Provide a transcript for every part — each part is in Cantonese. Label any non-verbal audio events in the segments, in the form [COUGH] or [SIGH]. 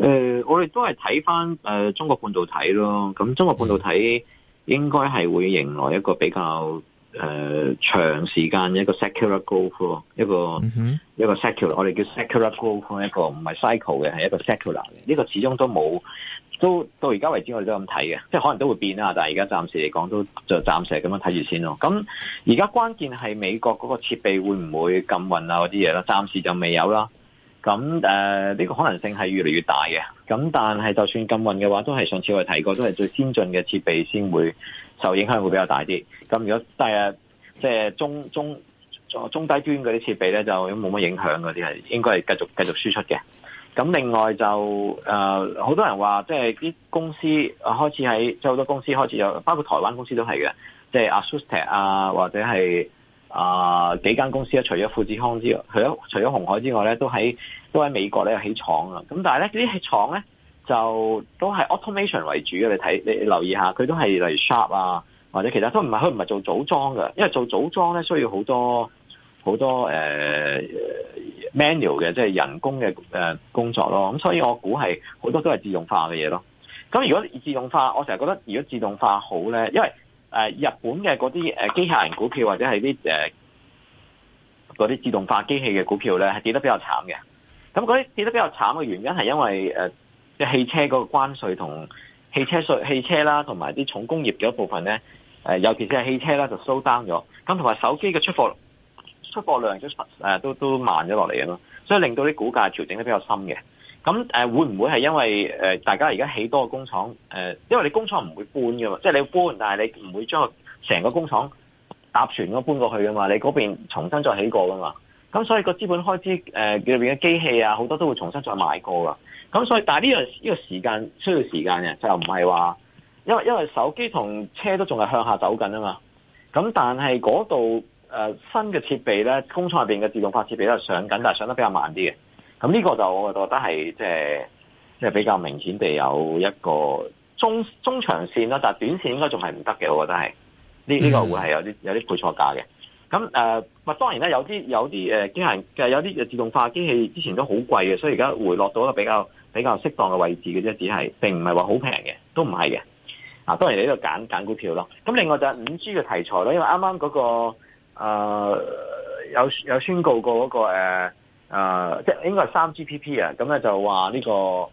誒、呃，我哋都係睇翻誒中國半導體咯，咁中國半導體應該係會迎來一個比較誒、呃、長時間嘅一個 secular growth 咯，一個、嗯、哼一個 secular，我哋叫 secular growth 一個唔係 cycle 嘅，係一個 secular 嘅，呢、這個始終都冇，都到而家為止我哋都咁睇嘅，即係可能都會變啦，但係而家暫時嚟講都就暫時係咁樣睇住先咯。咁而家關鍵係美國嗰個設備會唔會禁運啊嗰啲嘢咯，暫時就未有啦。咁誒，呢、呃、個可能性係越嚟越大嘅。咁但係就算禁運嘅話，都係上次我哋提過，都係最先進嘅設備先會受影響，會比較大啲。咁如果第日即係中中中低端嗰啲設備咧，就冇乜影響嗰啲係，應該係繼續繼續輸出嘅。咁另外就誒，好、呃、多人話即係啲公司開始喺即係好多公司開始有，包括台灣公司都係嘅，即係阿 Sustek 啊，或者係。啊！幾間公司咧，除咗富士康之外，除咗除咗紅海之外咧，都喺都喺美國咧起廠啦。咁但係咧，這些呢啲起廠咧就都係 automation 為主嘅。你睇，你留意下，佢都係例如 Sharp 啊，或者其他都唔係佢唔係做組裝嘅，因為做組裝咧需要好多好多、呃、manual 嘅，即係人工嘅、呃、工作咯。咁所以我估係好多都係自動化嘅嘢咯。咁如果自動化，我成日覺得如果自動化好咧，因為誒日本嘅嗰啲誒機械人股票或者係啲誒嗰啲自動化機器嘅股票咧，係跌得比較慘嘅。咁嗰啲跌得比較慘嘅原因係因為誒即係汽車嗰個關稅同汽車稅汽車啦，同埋啲重工業嘅一部分咧誒尤其是係汽車啦，就 slow down 咗，咁同埋手機嘅出貨出貨量都誒都都慢咗落嚟嘅咯，所以令到啲股價調整得比較深嘅。咁誒會唔會係因為誒大家而家起多個工廠誒？因為你工廠唔會搬㗎嘛，即係你搬，但係你唔會將個成個工廠搭船咁搬過去㗎嘛。你嗰邊重新再起過㗎嘛。咁所以個資本開支誒裏面嘅機器啊，好多都會重新再買過嘅。咁所以，但係呢個呢個時間需要時間嘅，就唔係話因為因為手機同車都仲係向下走緊啊嘛。咁但係嗰度誒新嘅設備咧，工廠入面嘅自動化設備都係上緊，但係上得比較慢啲嘅。咁呢個就我覺得係即係即係比較明顯地有一個中中長線啦，但係短線應該仲係唔得嘅，我覺得係呢呢個會係有啲有啲配錯價嘅。咁誒、呃，當然啦，有啲有啲誒、呃、機械，有啲自動化機器之前都好貴嘅，所以而家回落到一個比較比較適當嘅位置嘅啫，只係並唔係話好平嘅，都唔係嘅。嗱，當然你呢度揀揀股票咯。咁另外就係五 G 嘅題材咯，因為啱啱嗰個、呃、有有宣告過嗰、那個、呃誒、呃，即係應該係 3GPP 啊，咁咧就話呢、這個誒嗰、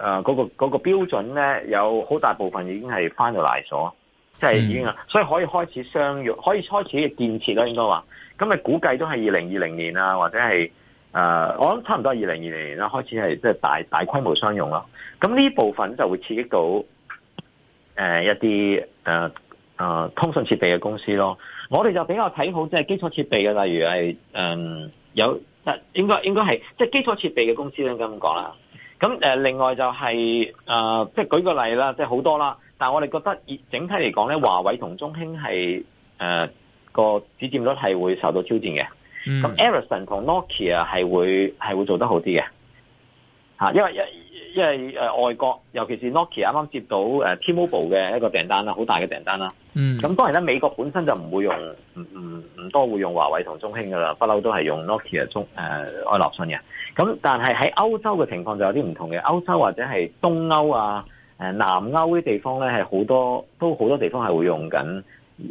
呃那個嗰、那個標準咧，有好大部分已經係翻到嚟所，即、就、係、是、已經啊，所以可以開始商用，可以開始建設啦，應該話，咁咪估計都係二零二零年啊，或者係誒、呃，我諗差唔多二零二零年啦，開始係即係大大規模商用囉。咁呢部分就會刺激到誒、呃、一啲誒誒通訊設備嘅公司咯，我哋就比較睇好即係基礎設備嘅，例如係誒、呃、有。應該應該係即係基礎設備嘅公司咧咁講啦。咁誒、呃、另外就係、是、誒、呃、即係舉個例啦，即係好多啦。但係我哋覺得整體嚟講咧，華為同中興係誒個指佔率，係會受到挑戰嘅。咁、嗯、Ericsson 同 Nokia 係會係會做得好啲嘅吓，因為。即係誒外國，尤其是 Nokia 啱啱接到誒 T-Mobile 嘅一個訂單啦，好大嘅訂單啦。嗯。咁當然咧，美國本身就唔會用，唔唔唔多會用華為同中興噶啦，不嬲都係用 Nokia 中誒、呃、愛立信嘅。咁但係喺歐洲嘅情況就有啲唔同嘅，歐洲或者係東歐啊、誒、呃、南歐啲地方咧，係好多都好多地方係會用緊誒、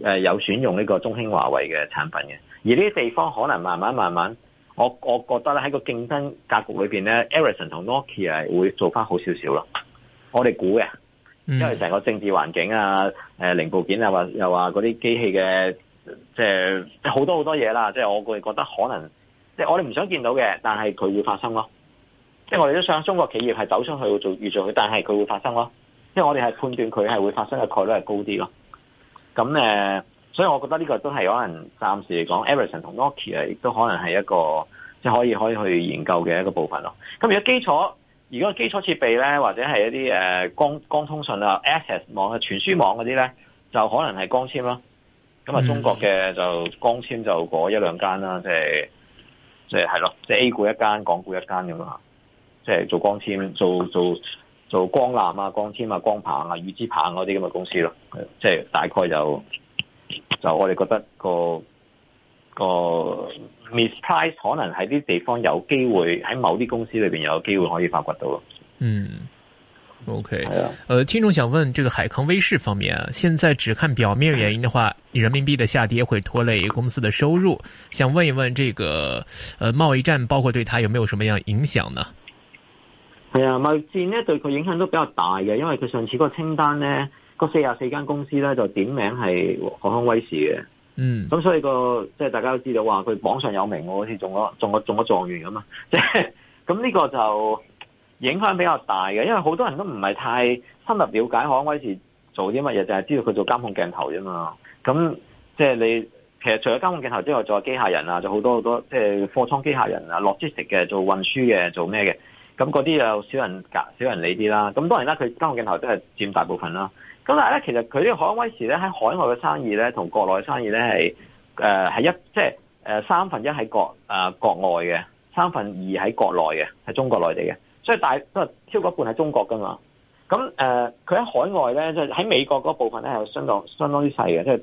呃、有選用呢個中興華為嘅產品嘅，而呢啲地方可能慢慢慢慢。我我覺得咧喺個競爭格局裏面呢，咧，Ericsson 同 Nokia 係會做翻好少少咯。我哋估嘅，因為成個政治環境啊、呃、零部件啊或又話嗰啲機器嘅即係好多好多嘢啦。即、就、係、是、我哋覺得可能即係、就是、我哋唔想見到嘅，但係佢會發生咯。即係我哋都想中國企業係走出去去做預做，但係佢會發生咯。因為我哋係判斷佢係會發生嘅概率係高啲咯。咁呢。呃所以我覺得呢個都係可能暫時嚟講 Ericsson 同 Nokia 啊，亦都可能係一個即係可以可以去研究嘅一個部分咯。咁如果基礎，如果基礎設備咧，或者係一啲誒光光通訊啊、Access 網啊、傳輸網嗰啲咧，就可能係光纖咯。咁啊，中國嘅就光纖就嗰一兩間啦，即係即係係咯，即係 A 股一間、港股一間咁啊，即係做光纖、做做做光纜啊、光纖啊、光纖啊光棒啊、預知棒嗰啲咁嘅公司咯，即係大概就。就我哋覺得個個 misprice 可能喺啲地方有機會，喺某啲公司裏邊有機會可以發掘到。嗯，OK，係啊，呃，聽眾想問，這個海康威視方面，啊，現在只看表面原因的話，人民幣的下跌會拖累公司的收入，想問一問，這個、呃、貿易戰包括對它有沒有什麼樣影響呢？係、嗯、啊，貿易戰呢對佢影響都比較大嘅，因為佢上次嗰個清單呢。個四廿四間公司咧，就點名係海康威視嘅。嗯，咁所以個即係大家都知道話佢榜上有名，我好似中咗中咗中咗狀元啊嘛。即係咁呢個就影響比較大嘅，因為好多人都唔係太深入了解海康威視做啲乜嘢，就係知道佢做監控鏡頭啫嘛，咁即係你其實除咗監控鏡頭之外，仲有機械人啊，仲有好多好多，即係貨倉機械人啊，落知識嘅做運輸嘅做咩嘅。咁嗰啲又少人少人理啲啦。咁當然啦，佢監控鏡頭都係佔大部分啦。咁但係咧，其實佢呢個海康威視咧喺海外嘅生意咧，同國內嘅生意咧係誒係一即係、誒、三分一喺國誒、呃、國外嘅，三分二喺國內嘅，係中國內地嘅。所以大都係超過一半係中國噶嘛。咁誒佢喺海外咧，即係喺美國嗰部分咧，係相當相當之細嘅，即係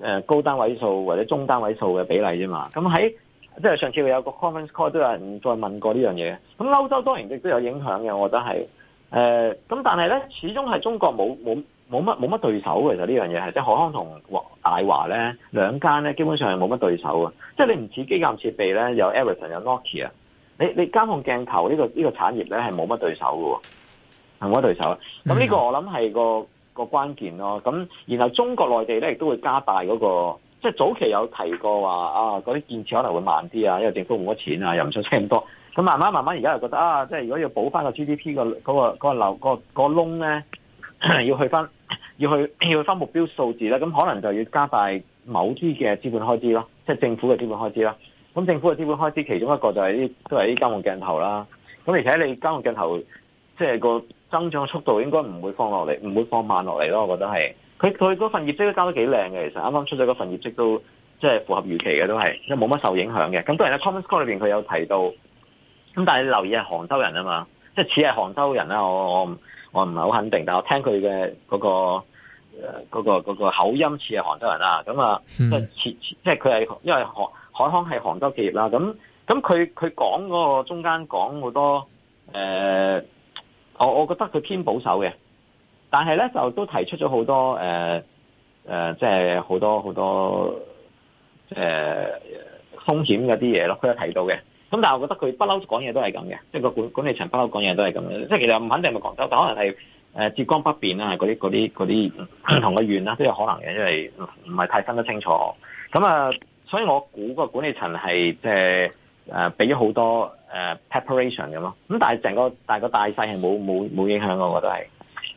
誒高單位數或者中單位數嘅比例啫嘛。咁喺即係上次佢有個 conference call 都有人再問過呢樣嘢，咁歐洲當然亦都有影響嘅，我覺得係誒，咁、呃、但係咧始終係中國冇冇冇乜冇乜對手嘅，其實呢樣嘢係即係海康同大華咧兩間咧基本上係冇乜對手嘅、嗯，即係你唔似基站設備咧有 Ericsson 有 Nokia，你你監控鏡頭呢、呢個呢、呢個產業咧係冇乜對手嘅喎，冇乜對手的，咁、嗯、呢個我諗係個個關鍵咯，咁然後中國內地咧亦都會加大嗰、嗰個。即係早期有提過話啊，嗰啲建設可能會慢啲啊，因為政府冇乜錢啊，又唔想出咁多。咁慢慢慢慢，而家又覺得啊，即係如果要補翻、嗰個 GDP、嗰個嗰、嗰個嗰嗰個窿咧，要去翻要去要去翻目標數字咧，咁可能就要加大某啲嘅資本開支咯，即係政府嘅資本開支啦。咁政府嘅資本開支其中一個就係、係、啲都係啲監控鏡頭啦。咁而且你監控鏡頭即係個增長速度應該唔會放落嚟，唔會放慢落嚟咯。我覺得係。佢佢份業績都交得幾靚嘅，其實啱啱出咗嗰份業績都即係符合預期嘅，都係即冇乜受影響嘅。咁當然喺 conference call 裏邊佢有提到，咁但係留意係杭州人啊嘛，即係似係杭州人啦。我我我唔係好肯定，但係我聽佢嘅嗰個嗰、呃嗰個嗰個嗰個口音似係杭州人啦。咁、嗯、啊， [MUSIC] 即係似即係佢係因為海，海康係杭州企業啦。咁咁佢佢講嗰個中間講好多誒、呃，我我覺得佢偏保守嘅。但係咧，就都提出咗好多誒即係好多好多誒風、呃、險嗰啲嘢咯。佢都提到嘅。咁但係我覺得佢不嬲講嘢都係咁嘅，即係個管管理層不嬲講嘢都係咁。即係其實唔肯定係咪廣州，但可能係誒浙江北邊啦，嗰啲嗰啲嗰啲唔同嘅縣啦，都有可能嘅，因為唔係太分得清楚。咁啊，所以我估個管管理層係即係誒俾咗好多、呃、preparation 咁咯。咁但係成個大個大勢係冇冇冇影響，我覺得係。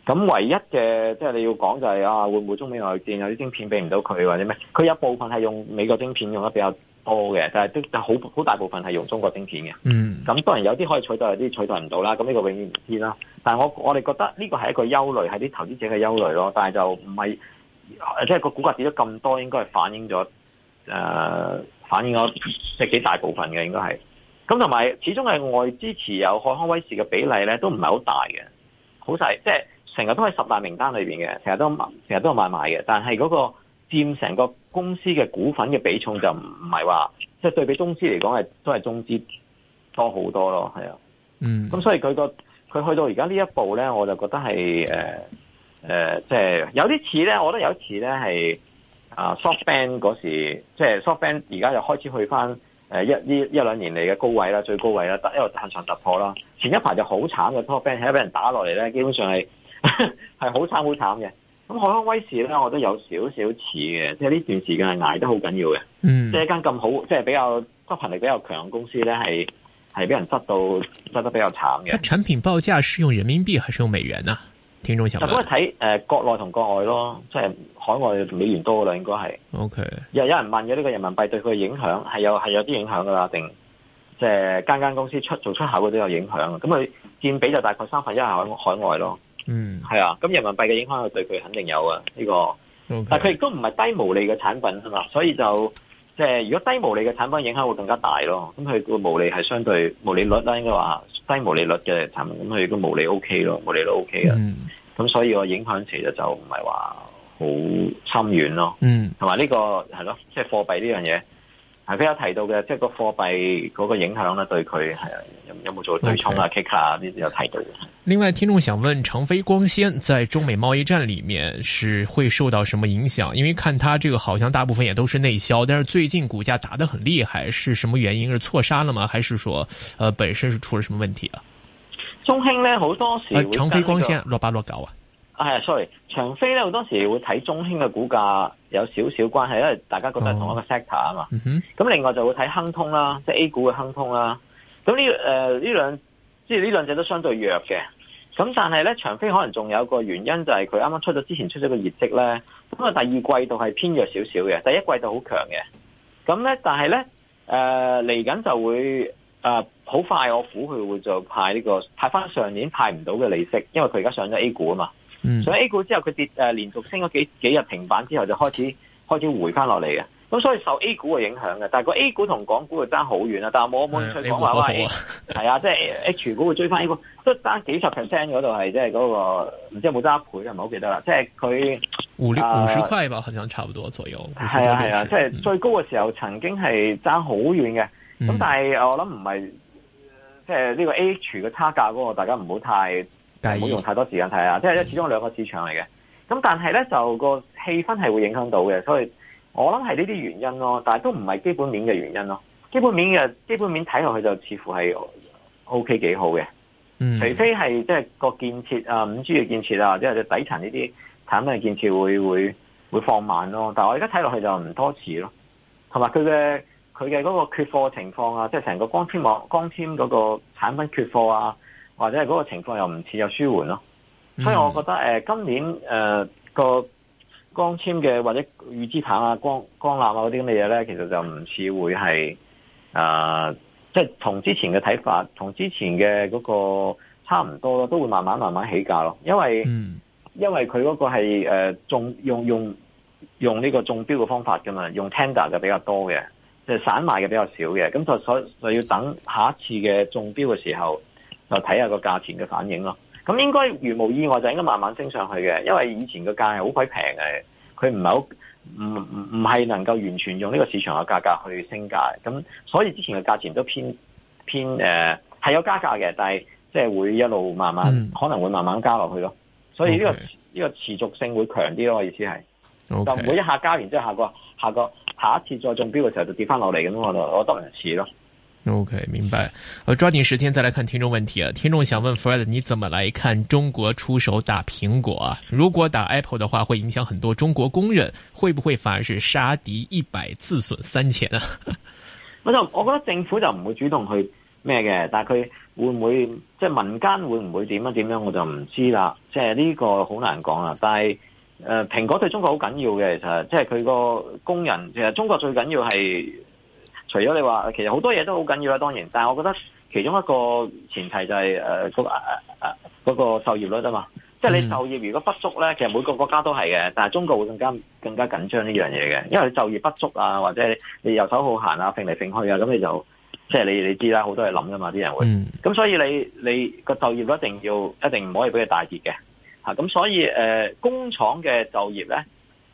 咁唯一嘅即係你要講就係、是、啊，會唔會中美貿易戰，有啲晶片俾唔到佢或者咩？佢有部分係用美國晶片用得比較多嘅，但係都好好大部分係用中國晶片嘅。嗯。咁當然有啲可以取代，有啲取代唔到啦。咁呢個永遠唔知啦。但係我我哋覺得呢個係一個憂慮，係啲投資者嘅憂慮咯。但係就唔係，即係個股價跌咗咁多，應該係反映咗誒、呃，反映咗即係幾大部分嘅應該係。咁同埋始終係外資持有海康威視嘅比例咧，都唔係好大嘅，好細即係。成日都喺十大名單裏面嘅，成日都成日都有買買嘅，但係嗰個佔成個公司嘅股份嘅比重就唔係話，即係對比中資嚟講係都係中資多好多咯，係啊，mm. 嗯，咁所以佢個佢去到而家呢一步咧，我就覺得係誒即係有啲似咧，我覺得有一次咧係啊、呃、SoftBank 嗰時，即係 SoftBank 而家又開始去翻一呢一兩年嚟嘅高位啦，最高位啦，因一路向上突破啦，前一排就好慘嘅 SoftBank，而家俾人打落嚟咧，基本上係。係 [LAUGHS] 好慘好慘嘅，咁海康威視咧，我都有少少似嘅，即係呢段時間係挨得好緊要嘅。嗯，即係一間咁好，即係比較執行力比較強嘅公司咧，係係俾人執到執得比較慘嘅。佢產品報價是用人民幣還是用美元啊？聽眾想哥，咁啊睇誒國內同國外咯，即係海外美元多啦，應該係。O K. 又有人問咗呢個人民幣對佢嘅影響是，係有係有啲影響噶啦，定即係間間公司出做出口嘅都有影響，咁佢佔比就大概三分一係海海外咯。嗯，係啊，咁人民幣嘅影響對佢肯定有啊呢、這個，okay。但係佢亦都唔係低毛利嘅產品啊嘛，所以就即係、就是、如果低毛利嘅產品影響會更加大咯，咁佢個毛利係相對毛利率啦，應該話低毛利率嘅產品，咁佢都毛利 OK 咯，毛利都 O K 啊，咁所以個影響其實就唔係話好深遠咯，嗯，同埋呢個係咯，即係貨幣呢樣嘢。係比較提到嘅，即係個貨幣嗰個影響呢，對佢係有沒有冇做對沖啊、k 卡 c k 啊呢啲有提到嘅。另外，聽眾想問，長飛光纖在中美貿易戰裏面是會受到什麼影響？因為看它這個好像大部分也都是內銷，但是最近股價打得很厲害，是什麼原因？是錯殺了嗎？還是說，呃，本身是出了什麼問題啊？中興呢好多時、這個，長飛光纖落八落九啊。係、ah, 啊，sorry，長飛咧，好多時會睇中興嘅股價有少少關係，因為大家覺得係同一個 sector 啊嘛。咁、oh. mm-hmm. 另外就會睇亨通啦，即係 A 股嘅亨通啦。咁呢誒呢兩，即係呢兩隻都相對弱嘅。咁但係咧，長飛可能仲有一個原因就係佢啱啱出咗之前出咗個業績咧。咁啊，第二季度係偏弱少少嘅，第一季度好強嘅。咁咧，但係咧，誒嚟緊就會誒好、呃、快，我估佢會就派呢、呢個派翻上年派唔到嘅利息，因為佢而家上咗 A 股啊嘛。所以 A 股之後佢跌，誒、呃，連續升咗幾幾日停板之後就開始開始回翻落嚟嘅。咁所以受 A 股嘅影響嘅，但係個 A 股同港股就爭好遠啦。但係我冇去講話話係啊，即、就、係、是、H 股會追翻 A 股，都爭幾十 percent 嗰度係即係嗰唔知道沒有冇爭一倍係咪？唔好記得啦，即係佢五六十塊吧，好似差唔多左右。係係啊，即係、啊就是、最高嘅時候曾經係爭好遠嘅，咁、嗯、但係我諗唔係即係呢個 H 嘅差價嗰、那個，大家唔好太。唔好用太多時間睇呀，即係始終兩個市場嚟嘅。咁但係咧，就個氣氛係會影響到嘅。所以我諗係呢啲原因咯。但係都唔係基本面嘅原因咯。基本面嘅基本面睇落去就似乎係 O K 幾好嘅。除非係即係個建設啊、五 G 嘅建設啊，或者係底層呢啲產品嘅建設會會會放慢咯。但係我而家睇落去就唔多似咯。同埋佢嘅佢嘅嗰個缺貨情況啊，即係成個光纖網光纖嗰個產品缺貨啊。或者係嗰個情況又唔似又舒緩咯，嗯，所以我覺得誒、呃、今年誒、呃、個光纖嘅或者預製棒啊、光光纜啊嗰啲咁嘅嘢咧，其實就唔似會係啊，即係同之前嘅睇法，同之前嘅嗰個差唔多咯，都會慢慢慢慢起價咯，因為、嗯、因為佢嗰個係、呃、中用用用呢個中標嘅方法㗎嘛，用 tender 就比較多嘅，即、就、係、是、散賣嘅比較少嘅，咁就所就要等下一次嘅中標嘅時候。就睇下個價錢嘅反應咯。咁應該如無意外就應該慢慢升上去嘅，因為以前個價係好鬼平嘅，佢唔係好唔唔係能夠完全用呢個市場嘅價格去升價。咁所以之前嘅價錢都偏偏誒係、呃、有加價嘅，但係即係會一路慢慢、嗯、可能會慢慢加落去咯。所以呢、呢個呢、okay，呢個持續性會強啲咯。我意思係、okay，就每一下加完之後、就是，下個下個下一次再中標嘅時候就跌翻落嚟，咁我就覺得唔遲咯。OK，明白。呃，抓緊時間再來看聽眾問題啊！聽眾想問 Fred，你怎麼來看中國出手打蘋果啊？如果打 Apple 的話，會影響很多中國工人，會不會反而是殺敵一百自損三千啊？我就我覺得政府就唔會主動去咩嘅，但係佢會唔會，即係民間會唔會點樣點樣，我就唔知啦。即係呢個好難講啦。但係誒，蘋果對中國好緊要嘅，其實即係佢個工人其實中國最緊要係。除咗你話，其實好多嘢都好緊要啦，當然。但係我覺得其中一個前提就係誒嗰個就業率啊嘛，mm. 即係你就業如果不足咧，其實每個國家都係嘅，但係中國會更加更加緊張呢樣嘢嘅，因為你就業不足啊，或者你遊手好閒啊，揈嚟揈去啊，咁你就即係你你知啦，好多嘢諗噶嘛，啲人會。咁、mm. 嗯、所以你你個就業一定要一定唔可以俾佢大跌嘅嚇。咁、嗯、所以、呃、工廠嘅就業咧。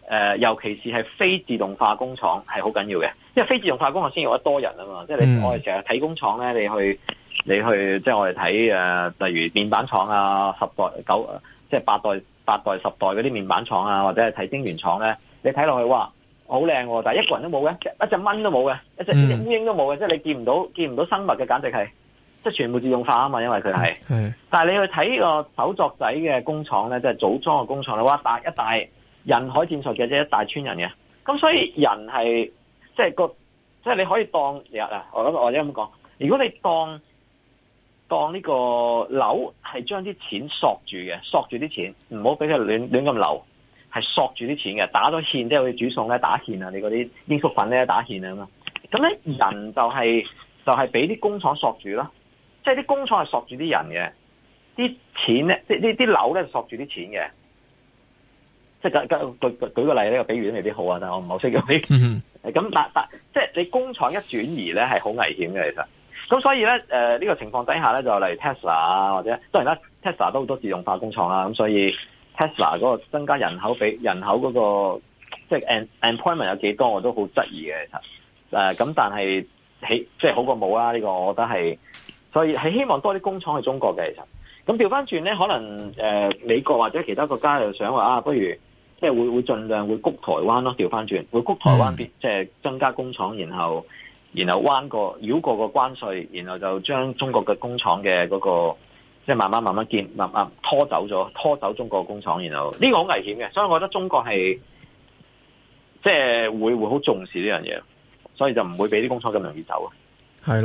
誒、呃，尤其是係非自動化工廠係好緊要嘅，因為非自動化工廠先有得多人啊嘛，即係你我哋成日睇工廠咧，你去你去，即係我哋睇誒，例如面板廠啊，十代九，即係八代八代十代嗰啲面板廠啊，或者係睇晶圓廠咧，你睇落去哇，好靚喎，但係一個人都冇嘅，一一隻蚊都冇嘅，一隻、嗯、一隻烏蠅都冇嘅，即係你見唔到見唔到生物嘅，簡直係即係全部自動化啊嘛，因為佢係、嗯，但係你去睇個手作仔嘅工廠咧，即係組裝嘅工廠咧，哇一大一大。人海戰術嘅啫，一大村人嘅，咁所以人係即係個即係、就是、你可以當日啊，我諗我啱咁講，如果你當當呢個樓係將啲錢索住嘅，索住啲錢唔好俾佢亂亂咁流，係索住啲錢嘅，打咗芡即係去煮餸咧，打芡啊，你嗰啲鷹粟粉咧，打芡啊咁呢，咁咧人就係就係俾啲工廠索住咯，即係啲工廠係索住啲人嘅，啲錢咧，即係呢啲樓咧索住啲錢嘅。舉舉個例呢，這個比喻都未必好啊，但係我唔好識咁。咁但但即係你工廠一轉移咧，係好危險嘅其實。咁所以咧，誒、呃、呢、這個情況底下咧，就例如 Tesla 啊，或者當然啦，Tesla 都好多自動化工廠啦。咁所以 Tesla 嗰個增加人口比人口嗰，那個即係 employment 有幾多，我都好質疑嘅其實。誒、呃、咁但係起即係好過冇啦，呢、這個我覺得係。所以係希望多啲工廠去中國嘅其實。咁調翻轉咧，可能誒、呃、美國或者其他國家就想話啊，不如。即係會會盡量會谷台灣咯，調翻轉會谷台灣，即係增加工廠，然後然後彎過繞過個關稅，然後就將中國嘅工廠嘅個即係慢慢慢慢建慢慢拖走咗，拖走中國工廠，然後呢個好危險嘅。所以我覺得中國係即係會會好重視呢樣嘢，所以就唔會俾啲工廠咁容易走啊。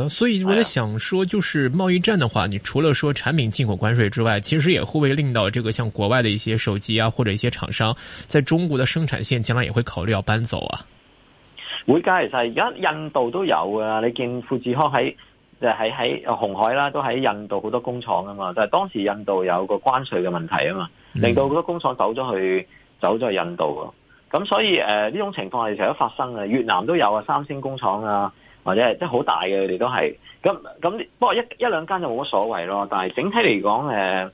所以我在想說，就是貿易戰的話，你除了說產品進口關稅之外，其實也會不會令到這個像國外的一些手機啊，或者一些廠商，在中國的生產線將來也會考慮要搬走啊？會㗎，其實而家印度都有啊。你見富士康喺誒喺喺鴻海啦，都喺印度好多工廠啊嘛，但係當時印度有個關稅嘅問題啊嘛，令到好多工廠走咗去走咗去印度咯。咁所以誒呢、呃、種情況係成日發生啊，越南都有啊，三星工廠啊。或者係即係好大嘅，佢哋都係，咁咁。不過一一,一兩間就冇乜所謂咯。但係整體嚟講，誒、呃，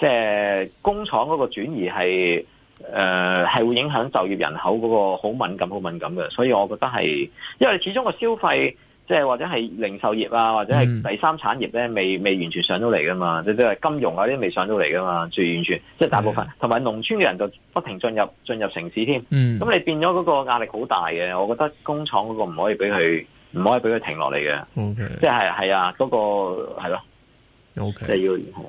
即係工廠嗰個轉移係誒係會影響就業人口嗰個好敏感、好敏感嘅。所以我覺得係因為你始終個消費，即係或者係零售業啊，或者係第三產業咧，未未完全上到嚟噶嘛。即係金融啊啲未上到嚟噶嘛，最完全即係大部分。同埋農村嘅人就不停進入進入城市添。咁、嗯、你變咗嗰個壓力好大嘅。我覺得工廠嗰個唔可以俾佢。唔可以俾佢停落嚟嘅，okay. 即係係啊，嗰個係咯，即係、啊 okay. 要。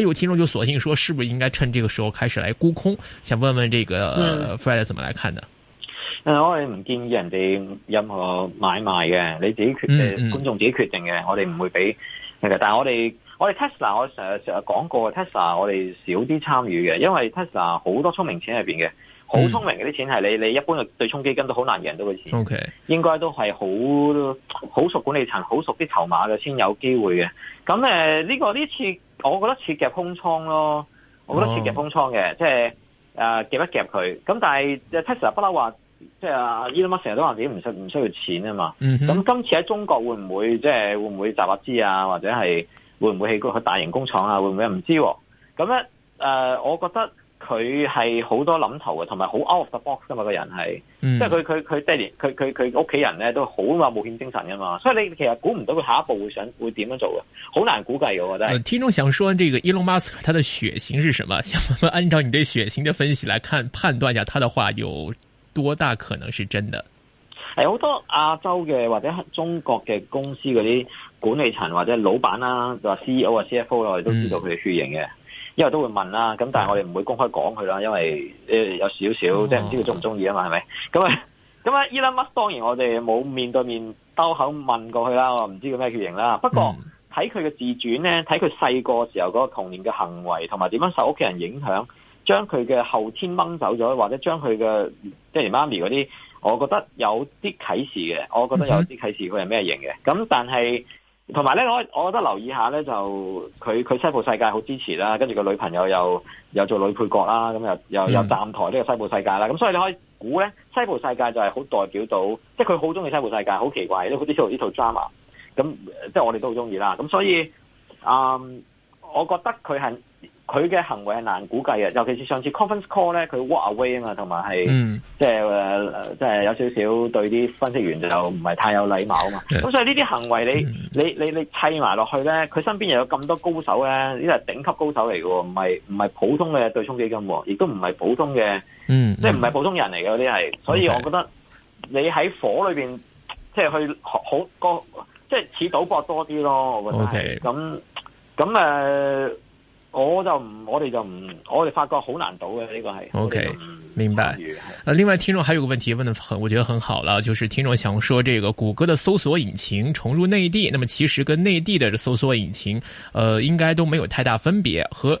有、哎、聽眾就索性說，是不是應該趁這個時候開始來沽空？想問問這個 Fred 怎、嗯呃、麼來看的？呃、我哋唔建議人哋任何買賣嘅，你自己決定、嗯呃，觀眾自己決定嘅。我哋唔會俾、嗯，但係我哋我哋 Tesla，我成日成日講過 Tesla，、嗯、我哋少啲參與嘅，因為 Tesla 好多聰明錢入邊嘅，好聰明嘅啲錢係你你一般嘅對沖基金都好難贏到嘅錢。O、嗯、K，應該都係好好熟管理層、好熟啲籌碼嘅先有機會嘅。咁、嗯、誒，呢、呃這個呢次。我覺得切夾空倉囉，我覺得切夾空倉嘅，oh. 即係誒、呃、夾一夾佢。咁但係 Tesla 不嬲話，即係啊 Elon Musk 成日都話自己唔需，唔需要錢啊嘛。咁、mm-hmm. 今次喺中國會唔會即係會唔會集集資啊？或者係會唔會起個大型工廠啊？會唔會唔知、啊？咁咧誒，我覺得。佢係好多諗頭嘅，同埋好 out of the box 噶嘛，這個人係、嗯，即係佢佢佢爹哋，佢佢佢屋企人咧都好嘛冒險精神噶嘛，所以你其實估唔到佢下一步會想會點樣做嘅，好難估計，我覺得。聽眾想說，呢個伊隆馬斯克他的血型是什麼？想問按照你對血型嘅分析來看，判斷一下他嘅話有多大可能是真嘅。係好多亞洲嘅或者中國嘅公司嗰啲管理層或者老闆啦，就係 C E O 啊、C F O 啊，我哋都知道佢哋血型嘅。嗯因為都會問啦，咁但係我哋唔會公開講佢啦，因為誒、呃、有少少即係唔知佢中唔中意啊嘛，係、哦、咪？咁啊咁啊，Elon Musk 當然我哋冇面對面兜口問過去啦，我唔知佢咩血型啦。不過睇佢嘅自傳咧，睇佢細個時候嗰個童年嘅行為同埋點樣受屋企人影響，將佢嘅後天掹走咗，或者將佢嘅爹哋媽咪嗰啲，我覺得有啲啟示嘅。我覺得有啲啟示佢係咩型嘅？咁、嗯、但係。同埋咧，我我覺得留意一下咧，就佢佢西部世界好支持啦，跟住，佢女朋友又又做女配角啦，咁又又有，有站台呢個西部世界啦，咁、mm-hmm. 嗯、所以你可以估咧，西部世界就係好代表到，即係佢好中意西部世界，好奇怪，都好中意呢套呢套 drama，咁、嗯、即係我哋都好中意啦，咁、嗯 mm-hmm. 所以啊、嗯、我覺得佢係。佢嘅行為係難估計嘅，尤其是上次 conference call 咧，佢 walk away 啊嘛，同埋係即係即係有少少對啲分析員就唔係太有禮貌啊嘛。咁、嗯、所以呢啲行為你、嗯、你你你，你砌埋落去咧，佢身邊又有咁多高手咧，呢啲係頂級高手嚟嘅喎，唔係唔係普通嘅對沖基金，亦都唔係普通嘅、嗯嗯，即係唔係普通人嚟嘅嗰啲係。所以我覺得你喺火裏面，okay, 即係去好，好即係似賭博多啲咯。O K，我覺得係。咁咁誒我就唔，我哋就唔，我哋發覺好難倒嘅呢個係。OK，明白。呃，另外聽眾還有個問題問得很，我覺得很好啦，就是聽眾想說，這個谷歌的搜索引擎重入內地，那麼其實跟內地的搜索引擎，呃，應該都沒有太大分別和。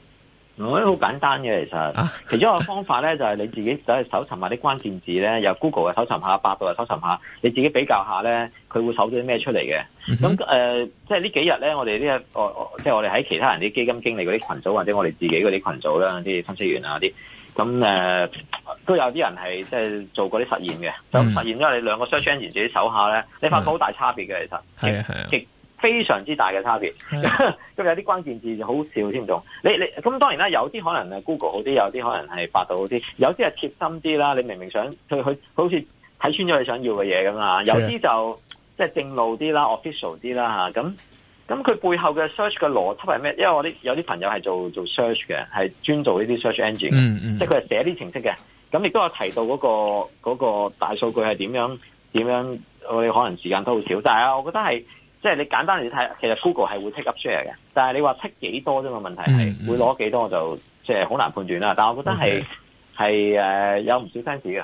唔、嗯、好，好簡單嘅其實、啊，其中一個方法咧 [LAUGHS] 就係你自己走去搜尋下啲關鍵字咧，由 Google 嘅搜尋下，百度嘅搜尋下，你自己比較下咧，佢會搜到啲咩出嚟嘅？咁、嗯、誒、呃，即係呢幾日咧，我哋呢個即係我哋喺其他人啲基金經理嗰啲群組，或者我哋自己嗰啲群組啦，啲分析員啊啲，咁誒、呃、都有啲人係即係做過啲實驗嘅，嗯、就實驗咗你兩個 search engine 自己搜下咧，你發覺好大差別嘅、嗯、其實。係啊係啊。非常之大嘅差別，咁 [LAUGHS] 有啲關鍵字就好笑添仲。你你咁當然啦，有啲可能係 Google 好啲，有啲可能係百度好啲，有啲係貼心啲啦。你明明想佢佢好似睇穿咗你想要嘅嘢咁啊，有啲就即係正路啲啦，official 啲啦嚇。咁咁佢背後嘅 search 嘅邏輯係咩？因為我啲有啲朋友係做做 search 嘅，係專做呢啲 search engine 嘅、嗯嗯，即係佢係寫啲程式嘅。咁亦都有提到嗰個嗰個大數據係點樣點樣，我哋可能時間都好少，但係我覺得係。即係你簡單嚟睇，其實 Google 係會 take up share 嘅，但係你話 take 幾多啫嘛？問題係會攞幾多就即係好難判斷啦。但係我覺得係係誒有唔少生意嘅。